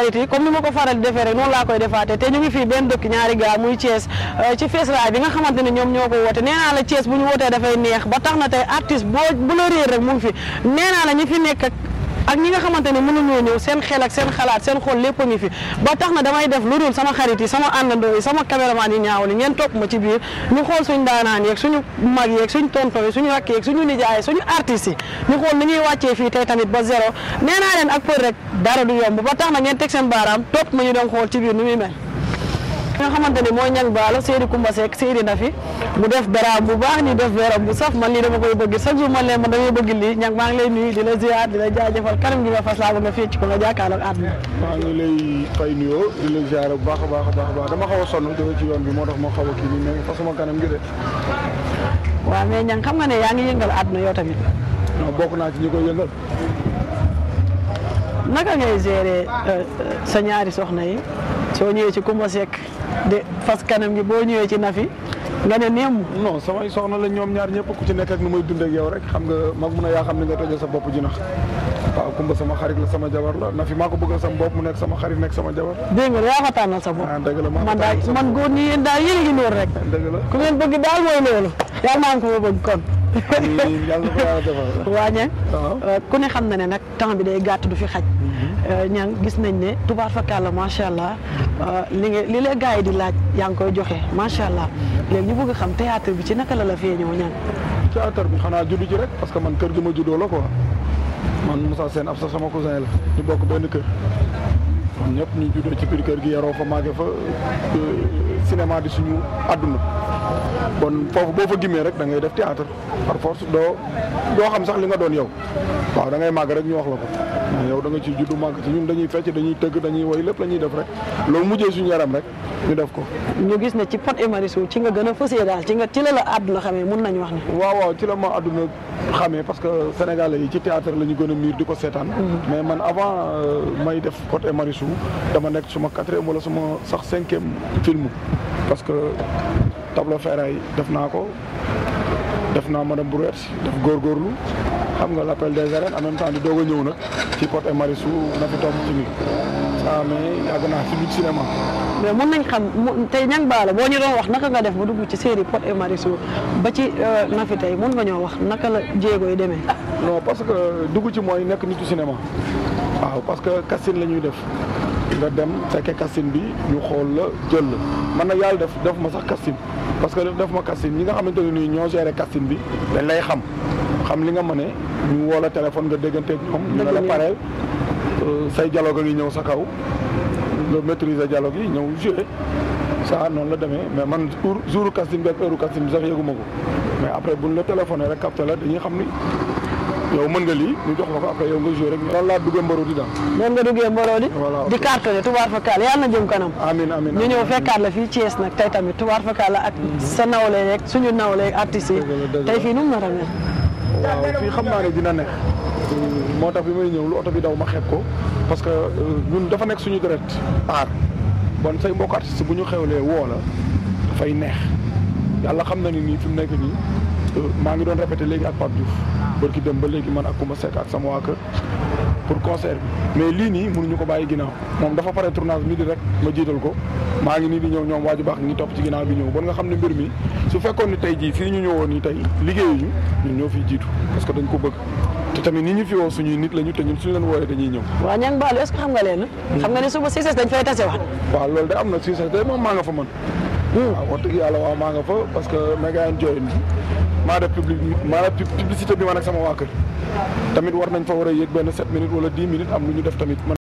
xarit yi comme ni ko faral di defee rek noonu laa koy defaatee te ñu ngi fii benn dëkk ñaari gaar muy Thiès euh, ci fesraay bi nga xamante ne ñoom ñoo ko woote nee naa la Thiès bu ñu wootee dafay neex ba tax na tey artiste boo bu la réer rek mu fi nee naa la ñi ak ñi nga xamante ne mënuñoo ñëw seen xel ak seen xalaat seen xool lépp ngi fi ba tax na damay def lu dul sama xarit yi sama àndandoo yi sama caméraman yi ñaaw li ngeen topp ma ci biir ñu xool suñ daanaan yeeg suñu mag yeeg suñ tonton yi suñu rakk yeeg suñu nijaay suñu artistes yi ñu xool ni ñuy wàccee fii tey tamit ba zéro nee naa leen ak për rek dara du yomb ba tax na ngeen teg seen baaraam topp ma ñu doon xool ci biir ni muy mel nga xamante ni mooy ñag baalo Seydi Kumba Seck Seydi Nafi mu def dara bu baax ni def weeram bu saf man lii dama koy bëgg chaque jour man leen man damay bëgg lii ñag maa ngi lay nuyu di la ziar di la jaajëfal kanam gi nga fas laa bëgg a fecc ko nga jàkkaarloog àdduna maa ngi lay fay nuyoo di la bu baax a baax baax a dama xaw a sonn jóge ci yoon bi moo tax ma xaw a kii nii mais fa sama kanam gi de waaw mais ñang xam nga ne yaa ngi yëngal àdduna yow tamit non bokk naa ci ñi koy yëngal naka ngay gérer euh, euh, sa ñaari soxna yi soo ñëwee ci Kumba Seck de fas kanam boo ñëwee ci Nafi nga ne neem. non samay soxna la ñoom ñaar ñëpp ku ci nekk ak nu may dund ak yow rek xam nga mag mun a yaa xam ne nga tojee sa bopp jinax waaw Kumba sama xarit la sama jabar la Nafi maa ko bëggal sama bopp nekk sama xarit nekk sama jabar. dégg nga yaa ko ah, sa man daal man daal yéen a ngi noonu rek. dëgg la ku ngeen bëgg daal mooy loolu. yaa ngi naan ko kon. waa ñang ah. euh, ku ne xam na ne nag temps bi day gàtt du fi xaj ñang mm-hmm. euh, gis nañ ne tubaar fakàlla macha allah euh, li nga li la gars yi di laaj yaa ngi koy joxe macha allah léegi ñu bëgg xam théâtre bi ci naka la la feeñoo ñang théâtre bi xanaa juddu ji rek parce que man kër gi ma juddoo la ko man Moussa Sène ab sa sama cousin la ñu bokk benn kër ñëpp ñu juddoo ci biir kër gi yaroo fa màggee fa cinéma di suñu àdduna kon foofu boo fa gimee rek da ngay def théâtre par force doo doo xam sax li nga doon yow waaw da ngay màgg rek ñu wax la ko yow da nga ci juddu màgg ci ñun dañuy fecc dañuy tëgg dañuy woy lépp la ñuy def rek loolu mujjee suñu yaram rek ñu def ko ñu gis ne ci Pod et Marichou ci nga gën a fësee daal ci nga ci la la àdduna xamee mun nañ wax ne waaw waaw ci la ma àdduna xamee que sénégalais yi ci théâtre la ñu gën a miir di ko seetaan mhm. mais man avant euh, may def Pod et Marichou dama nekk suma quatrième wala suma sax cinquième film parce que tableau ferraille def naa ko def naa madame Brouette def góor góorgóorlu xam nga l'appel des arènes en même temps doog a ñëw nag ci Pod et Marichou na fi ci biir ah mais yàgg naa ci biir cinéma. mais mun nañ xam tey ñang baala boo ñu doon wax naka nga def ba dugg ci série Pod et Marichou ba ci euh, na fi tey mun nga ñoo wax naka la jéego yi demee. non parce que dugg ci mooy nekk nitu cinéma waaw parce que casting la ñuy def. nga dem fekke casting bi ñu xool la jël la man na yàlla def def ma sax casting parce que def ma casting ñi nga xamante ne nii ñoo geere casting bi dañ lay xam xam li nga mëne ñu woo la téléphone nga dégganteeg ñoom ñu ne la pareel euh, say jaloo a ngi ñëw sa kaw nga maîtriser dialogue yi ñëw joué ça noonu la demee mais man jour jour casting bi ak heure casting bi sax yëguma ko mais après buñ la téléphoné rek capté la dañuy xam ni yow mën nga lii ñu jox la ko après yow nga joué rek loolu laa duggee mborodi daal noonu nga duggee mborodi di cartonné tubaar fa kaal yàlla na jëm kanam amiin amiin ñu ñëw fekkaat la fii Thiès nag tey tamit tubaar fa kaal la ak mhm. sa nawle rek suñu nawle artiste yi tey fii nu mu nar a mel waaw fii xam naa ne dina neex moo tax bi may ñëw lu oto bi daw ma xeeb ko parce que euh, ñun dafa nekk suñu deret bon say mbokk bu ñu xewlee woo la dafay neex yàlla xam na ni fi mu nekk nii euh, maa ngi doon répété léegi ak Pape Diouf bërki dem ba léegi man ak ku ma sekk ak sama pour concert bi mais lii nii mënuñu ko bàyyi ginnaaw moom dafa pare tournage midi rek ma jiital ko maa ngi nii di ñëw ñoom waaju baax ngi topp ci ginnaaw bi ñëw bon nga xam ne mbir mi su fii ñu ñëwoon ni tey liggéeyuñu ñun ñoo fiy jiitu parce que dañ ko bëgg te ni ñu fi woo suñuy nit lañu te ñun suñu leen wooyee dañuy ñëw waaw ñang baalu est-ce xam nga leen xam nga ne suba succès dañ fay tasewaat waaw loolu de am na succès de moom maa nga fa man hmm. waaw wax dëgg yàlla waaw maa nga fa parce que méga enjoy maa def public maa def publicité bi man ak sama waa kër tamit war nañ fa war a yéeg benn 7 minutes wala 10 minutes am lu ñu def tamit.